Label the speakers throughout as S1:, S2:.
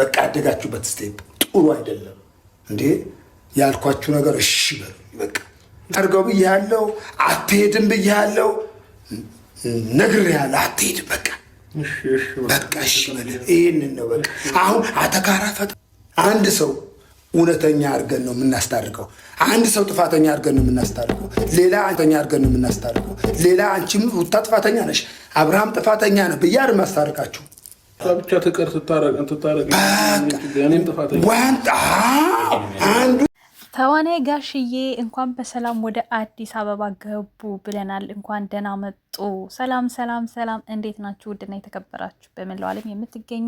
S1: በቃ ያደጋችሁበት ስቴፕ ጥሩ አይደለም እንዴ ያልኳችሁ ነገር እሺ በሉ። በቃ አድርገው ብያለሁ፣ አትሄድም ብያለሁ፣ ነግሬሃለሁ፣ አትሄድም በቃ በቃ እሺ በል። ይህንን ነው በቃ አሁን አተካራ ፈጥ አንድ ሰው እውነተኛ አድርገን ነው የምናስታርቀው። አንድ ሰው ጥፋተኛ አድርገን ነው የምናስታርቀው። ሌላ አንተኛ አድርገን ነው የምናስታርቀው። ሌላ አንቺም ውታ ጥፋተኛ ነሽ፣ አብርሃም ጥፋተኛ ነው ብዬ አይደል ማስታርቃችሁ
S2: ብቻ ተቀር ትታረቅ
S3: ተዋናይ ጋሽዬ እንኳን በሰላም ወደ አዲስ አበባ ገቡ ብለናል። እንኳን ደህና መጡ መጡ። ሰላም ሰላም ሰላም፣ እንዴት ናችሁ? ውድና የተከበራችሁ በመላው ዓለም የምትገኙ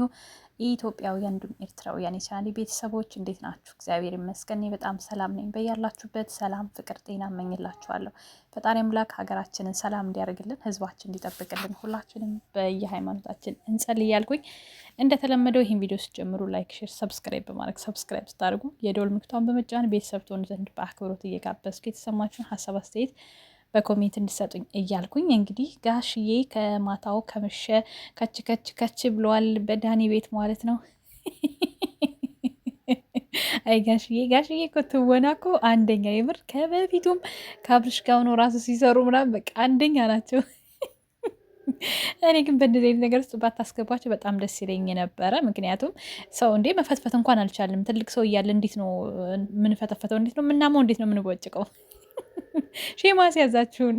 S3: ኢትዮጵያውያን እንዲሁም ኤርትራውያን የቻናሌ ቤተሰቦች እንዴት ናችሁ? እግዚአብሔር ይመስገን በጣም ሰላም ነኝ። በያላችሁበት ሰላም፣ ፍቅር፣ ጤና እመኝላችኋለሁ። ፈጣሪ አምላክ ሀገራችንን ሰላም እንዲያደርግልን፣ ህዝባችን እንዲጠብቅልን ሁላችንም በየሃይማኖታችን እንጸል እያልኩኝ እንደተለመደው ይህን ቪዲዮ ስትጀምሩ ላይክ፣ ሼር፣ ሰብስክራይብ በማድረግ ሰብስክራይብ ስታደርጉ የደወል ምልክቷን በመጫን ቤተሰብ ትሆኑ ዘንድ በአክብሮት እየጋበዝኩ የተሰማችሁን ሀሳብ አስተያየት በኮሜንት እንድሰጡኝ እያልኩኝ እንግዲህ ጋሽዬ ከማታው ከመሸ ከች ከች ከች ብለዋል። በዳኒ ቤት ማለት ነው። አይ ጋሽዬ ጋሽዬ እኮ ትወና እኮ አንደኛ የምር ከበፊቱም ከአብርሽ ጋር ሆኖ ራሱ ሲሰሩ ምናምን በቃ አንደኛ ናቸው። እኔ ግን በእንደዚህ አይነት ነገር ውስጥ ባታስገባቸው በጣም ደስ ይለኝ ነበረ። ምክንያቱም ሰው እንዴ መፈትፈት እንኳን አልቻለም። ትልቅ ሰው እያለ እንዴት ነው ምንፈተፈተው? እንዴት ነው ምናመው? እንዴት ነው ምንቦጭቀው? ሼማስ ያዛችሁን።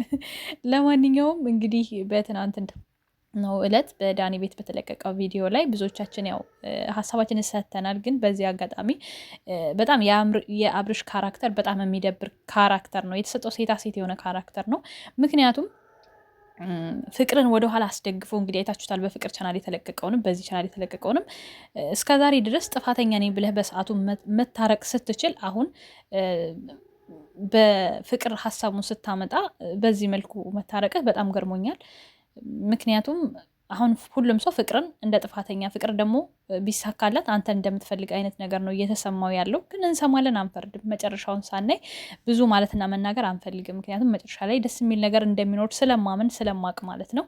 S3: ለማንኛውም እንግዲህ በትናንት ነው እለት በዳኒ ቤት በተለቀቀው ቪዲዮ ላይ ብዙዎቻችን ያው ሀሳባችን ሰተናል። ግን በዚህ አጋጣሚ በጣም የአብርሽ ካራክተር በጣም የሚደብር ካራክተር ነው የተሰጠው፣ ሴታ ሴት የሆነ ካራክተር ነው። ምክንያቱም ፍቅርን ወደኋላ አስደግፎ እንግዲህ አይታችሁታል። በፍቅር ቻናል የተለቀቀውንም በዚህ ቻናል የተለቀቀውንም እስከዛሬ ድረስ ጥፋተኛ ነኝ ብለህ በሰዓቱ መታረቅ ስትችል አሁን በፍቅር ሀሳቡን ስታመጣ በዚህ መልኩ መታረቅህ በጣም ገርሞኛል። ምክንያቱም አሁን ሁሉም ሰው ፍቅርን እንደ ጥፋተኛ ፍቅር ደግሞ ቢሳካላት አንተን እንደምትፈልግ አይነት ነገር ነው እየተሰማው ያለው። ግን እንሰማለን፣ አንፈርድም። መጨረሻውን ሳናይ ብዙ ማለትና መናገር አንፈልግም። ምክንያቱም መጨረሻ ላይ ደስ የሚል ነገር እንደሚኖር ስለማምን ስለማቅ ማለት ነው።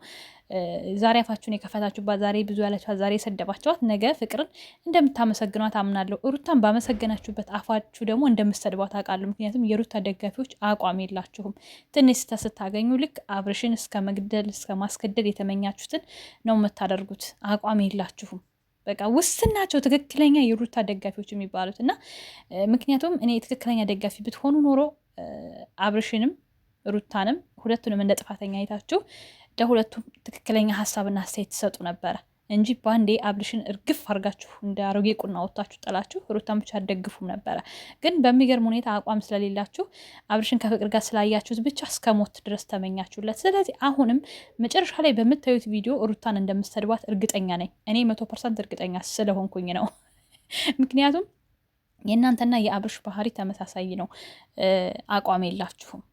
S3: ዛሬ አፋችሁን የከፈታችሁባት፣ ዛሬ ብዙ ያላችኋት፣ ዛሬ የሰደባችኋት ነገ ፍቅርን እንደምታመሰግኗት አምናለሁ። ሩታን ባመሰገናችሁበት አፋችሁ ደግሞ እንደምትሰድቧት አውቃለሁ። ምክንያቱም የሩታ ደጋፊዎች አቋም የላችሁም። ትንሽ ስህተት ስታገኙ ልክ አብርሽን እስከ መግደል እስከ ማስገደል የተመኛችሁትን ነው የምታደርጉት። አቋም የላችሁም። በቃ ውስን ናቸው ትክክለኛ የሩታ ደጋፊዎች የሚባሉት እና ምክንያቱም እኔ ትክክለኛ ደጋፊ ብትሆኑ ኖሮ አብርሽንም ሩታንም ሁለቱንም እንደ ጥፋተኛ አይታችሁ ለሁለቱም ትክክለኛ ሀሳብና አስተያየት ትሰጡ ነበረ እንጂ በአንዴ አብርሽን እርግፍ አድርጋችሁ እንደ አሮጌ ቁና ወጥታችሁ ጠላችሁ ሩታን ብቻ አደግፉም ነበረ። ግን በሚገርም ሁኔታ አቋም ስለሌላችሁ አብርሽን ከፍቅር ጋር ስላያችሁት ብቻ እስከ ሞት ድረስ ተመኛችሁለት። ስለዚህ አሁንም መጨረሻ ላይ በምታዩት ቪዲዮ ሩታን እንደምትሰድባት እርግጠኛ ነኝ። እኔ መቶ ፐርሰንት እርግጠኛ ስለሆንኩኝ ነው። ምክንያቱም የእናንተና የአብርሽ ባህሪ ተመሳሳይ ነው። አቋም የላችሁም።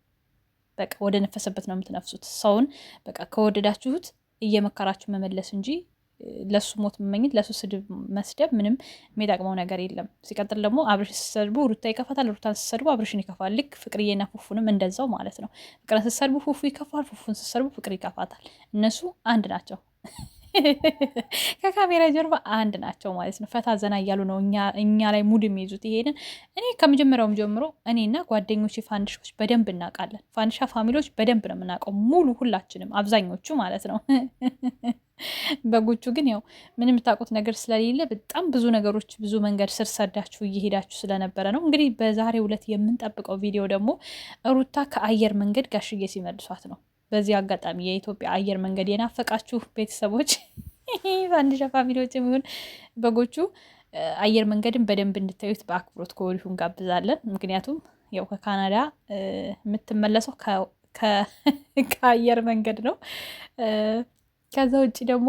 S3: በቃ ወደ ነፈሰበት ነው የምትነፍሱት። ሰውን በቃ ከወደዳችሁት እየመከራችሁ መመለስ እንጂ ለሱ ሞት መመኘት፣ ለሱ ስድብ መስደብ ምንም የሚጠቅመው ነገር የለም። ሲቀጥል ደግሞ አብርሽ ስሰድቡ ሩታ ይከፋታል፣ ሩታን ስሰድቡ አብርሽን ይከፋል። ልክ ፍቅርዬና ፉፉንም እንደዛው ማለት ነው። ፍቅርን ስሰድቡ ፉፉ ይከፋል፣ ፉፉን ስሰድቡ ፍቅር ይከፋታል። እነሱ አንድ ናቸው። ከካሜራ ጀርባ አንድ ናቸው ማለት ነው። ፈታ ዘና እያሉ ነው እኛ ላይ ሙድ የሚይዙት። ይሄንን እኔ ከመጀመሪያውም ጀምሮ እኔና ጓደኞች ፋንድሾች በደንብ እናውቃለን። ፋንድሻ ፋሚሊዎች በደንብ ነው የምናውቀው፣ ሙሉ ሁላችንም፣ አብዛኞቹ ማለት ነው። በጎቹ ግን ያው ምንም የምታውቁት ነገር ስለሌለ በጣም ብዙ ነገሮች ብዙ መንገድ ስር ሰዳችሁ እየሄዳችሁ ስለነበረ ነው። እንግዲህ በዛሬው ዕለት የምንጠብቀው ቪዲዮ ደግሞ ሩታ ከአየር መንገድ ጋሽዬ ሲመልሷት ነው። በዚህ አጋጣሚ የኢትዮጵያ አየር መንገድ የናፈቃችሁ ቤተሰቦች በአንድሻ ፋሚሊዎች የሚሆን በጎቹ አየር መንገድን በደንብ እንድታዩት በአክብሮት ከወዲሁ እንጋብዛለን። ምክንያቱም ያው ከካናዳ የምትመለሰው ከአየር መንገድ ነው። ከዛ ውጭ ደግሞ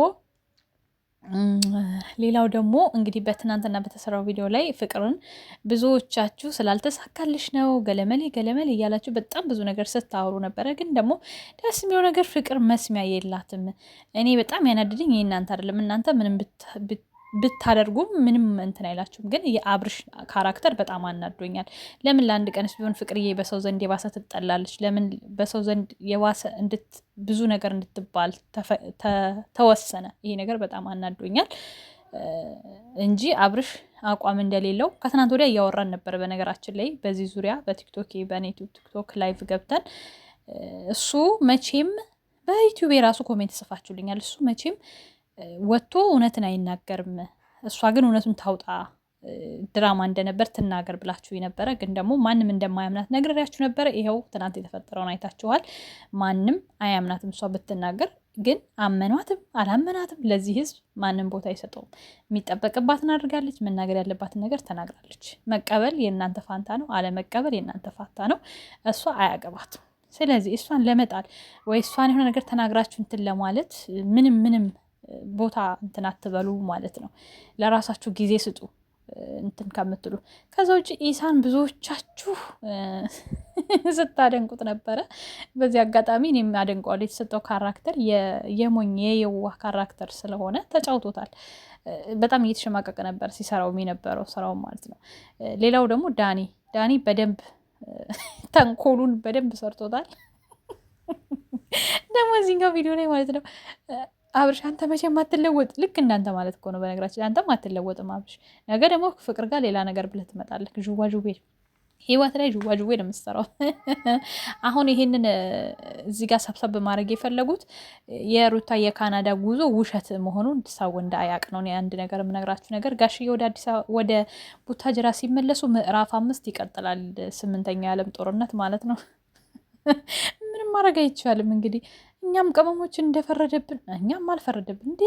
S3: ሌላው ደግሞ እንግዲህ በትናንትና በተሰራው ቪዲዮ ላይ ፍቅርን ብዙዎቻችሁ ስላልተሳካልሽ ነው ገለመሌ ገለመሌ እያላችሁ በጣም ብዙ ነገር ስታወሩ ነበረ። ግን ደግሞ ደስ የሚለው ነገር ፍቅር መስሚያ የላትም። እኔ በጣም ያናድድኝ እናንተ አይደለም እናንተ ምንም ብታደርጉ ምንም እንትን አይላችሁም። ግን የአብርሽ ካራክተር በጣም አናዶኛል። ለምን ለአንድ ቀንስ ቢሆን ፍቅርዬ በሰው ዘንድ የባሰ ትጠላለች? ለምን በሰው ዘንድ የባሰ እንድት ብዙ ነገር እንድትባል ተወሰነ? ይሄ ነገር በጣም አናዶኛል እንጂ አብርሽ አቋም እንደሌለው ከትናንት ወዲያ እያወራን ነበር። በነገራችን ላይ በዚህ ዙሪያ በቲክቶክ በኔ ቲክቶክ ላይቭ ገብተን እሱ መቼም በዩቲዩብ የራሱ ኮሜንት ጽፋችሁልኛል። እሱ መቼም ወጥቶ እውነትን አይናገርም። እሷ ግን እውነቱን ታውጣ ድራማ እንደነበር ትናገር ብላችሁ የነበረ ግን ደግሞ ማንም እንደማያምናት ነግሬያችሁ ነበረ። ይኸው ትናንት የተፈጠረውን አይታችኋል። ማንም አያምናትም። እሷ ብትናገር ግን አመኗትም አላመናትም ለዚህ ህዝብ ማንም ቦታ አይሰጠውም። የሚጠበቅባትን አድርጋለች። መናገር ያለባትን ነገር ተናግራለች። መቀበል የእናንተ ፋንታ ነው፣ አለመቀበል የእናንተ ፋንታ ነው። እሷ አያገባትም። ስለዚህ እሷን ለመጣል ወይ እሷን የሆነ ነገር ተናግራችሁ እንትን ለማለት ምንም ምንም ቦታ እንትን አትበሉ ማለት ነው። ለራሳችሁ ጊዜ ስጡ እንትን ከምትሉ። ከዛ ውጭ ኢሳን ብዙዎቻችሁ ስታደንቁት ነበረ። በዚህ አጋጣሚ እኔም አደንቀዋለሁ። የተሰጠው ካራክተር የሞኝ የየዋህ ካራክተር ስለሆነ ተጫውቶታል። በጣም እየተሸማቀቀ ነበር ሲሰራው የነበረው ስራው ማለት ነው። ሌላው ደግሞ ዳኒ ዳኒ በደንብ ተንኮሉን በደንብ ሰርቶታል ደግሞ እዚህኛው ቪዲዮ ላይ ማለት ነው አብርሽ አንተ መቼም አትለወጥ፣ ልክ እንዳንተ ማለት እኮ ነው። በነገራችን አንተም አትለወጥም አብርሽ። ነገ ደግሞ ፍቅር ጋር ሌላ ነገር ብለህ ትመጣለህ። ዥዋዥቤ ህይወት ላይ ዥዋዥቤ ነው የምትሰራው። አሁን ይሄንን እዚህ ጋር ሰብሰብ ማድረግ የፈለጉት የሩታ የካናዳ ጉዞ ውሸት መሆኑን ሰው እንደ አያቅ ነው። አንድ ነገር የምነግራችሁ ነገር ጋሽዬ ወደ አዲስ ወደ ቡታጅራ ሲመለሱ ምዕራፍ አምስት ይቀጥላል። ስምንተኛው የዓለም ጦርነት ማለት ነው። ምንም ማድረግ አይቻልም እንግዲህ እኛም ቅመሞች እንደፈረደብን እኛም አልፈረደብን እንዴ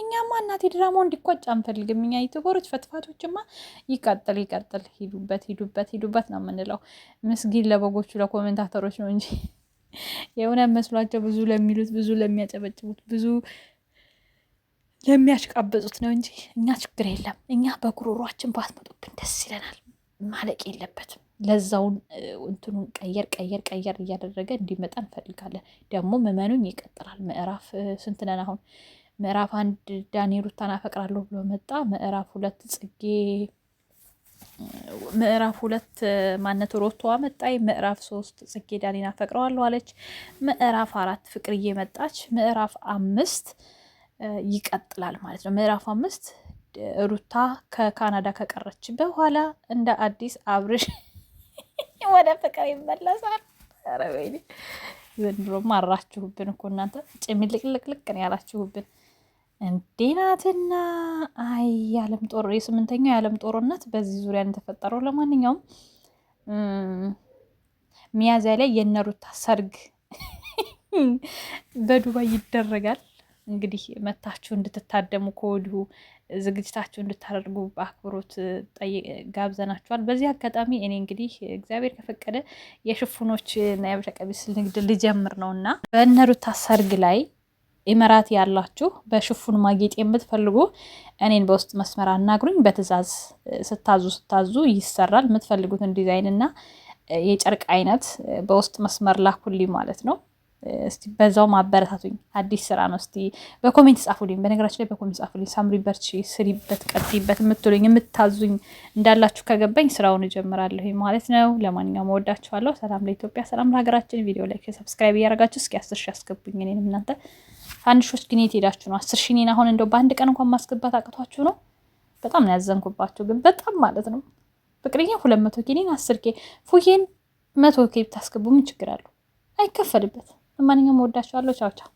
S3: እኛማ እናቴ ድራማው እንዲቋጭ አንፈልግም። እኛ የጥቁሮች ፈትፋቶችማ ይቀጥል ይቀጥል፣ ሂዱበት ሂዱበት ሂዱበት ነው የምንለው። ምስጊን ለበጎቹ ለኮሜንታተሮች ነው እንጂ የሆነ መስሏቸው ብዙ ለሚሉት ብዙ ለሚያጨበጭቡት ብዙ ለሚያሽቃበጡት ነው እንጂ እኛ ችግር የለም። እኛ በጉሮሯችን ባትመጡብን ደስ ይለናል። ማለቅ የለበትም። ለዛውን እንትኑን ቀየር ቀየር ቀየር እያደረገ እንዲመጣ እንፈልጋለን። ደግሞ መመኑን ይቀጥላል። ምዕራፍ ስንት ነን አሁን? ምዕራፍ አንድ ዳኒ ሩታን አፈቅራለሁ ብሎ መጣ። ምዕራፍ ሁለት ጽጌ ምዕራፍ ሁለት ማነት ሮቶ መጣይ። ምዕራፍ ሶስት ጽጌ ዳኒን አፈቅረዋለሁ አለች። ምዕራፍ አራት ፍቅርዬ መጣች። ምዕራፍ አምስት ይቀጥላል ማለት ነው። ምዕራፍ አምስት ሩታ ከካናዳ ከቀረች በኋላ እንደ አዲስ አብርሽ ወደ ፍቅር ይመለሳል። ኧረ ወይኔ ዘንድሮም አራችሁብን እኮ እናንተ ጭሚልቅልቅልቅ ነው ያላችሁብን። እንዴናትና አይ የዓለም ጦር የስምንተኛው የዓለም ጦርነት በዚህ ዙሪያ ነው የተፈጠረው። ለማንኛውም ሚያዝያ ላይ የነሩታ ሰርግ በዱባይ ይደረጋል። እንግዲህ መታችሁ እንድትታደሙ ከወዲሁ ዝግጅታችሁ እንድታደርጉ በአክብሮት ጋብዘናችኋል። በዚህ አጋጣሚ እኔ እንግዲህ እግዚአብሔር ከፈቀደ የሽፉኖች የአበሻ ቀሚስ ንግድ ልጀምር ነው እና በእነ ሰርግ ላይ ኢመራት ያላችሁ በሽፉን ማጌጥ የምትፈልጉ እኔን በውስጥ መስመር አናግሩኝ። በትዕዛዝ ስታዙ ስታዙ ይሰራል። የምትፈልጉትን ዲዛይን እና የጨርቅ አይነት በውስጥ መስመር ላኩልኝ ማለት ነው። እስቲ በዛው ማበረታቱኝ። አዲስ ስራ ነው። እስቲ በኮሜንት ጻፉልኝ። በነገራችን ላይ በኮሜንት ጻፉልኝ። ሳምሪ በርቺ፣ ስሪበት፣ ቀጥይበት የምትሉኝ የምታዙኝ እንዳላችሁ ከገባኝ ስራውን እጀምራለሁ ማለት ነው። ለማንኛውም እወዳችኋለሁ። ሰላም ለኢትዮጵያ፣ ሰላም ለሀገራችን። ቪዲዮ ላይክ፣ ሰብስክራይብ እያደረጋችሁ እስኪ አስር ሺ አስገቡኝ። እኔንም እናንተ አንሾች ግን የት ሄዳችሁ ነው? አስር ሺህ እኔን አሁን እንደው በአንድ ቀን እንኳን ማስገባት አቅቷችሁ ነው። በጣም ነው ያዘንኩባችሁ፣ ግን በጣም ማለት ነው። ፍቅርኛ ሁለት መቶ ኬ እኔን አስር ኬ ፉዬን መቶ ኬ ብታስገቡ ምን ችግር አለው? አይከፈልበት ለማንኛውም ወዳችኋለሁ። ቻው ቻው።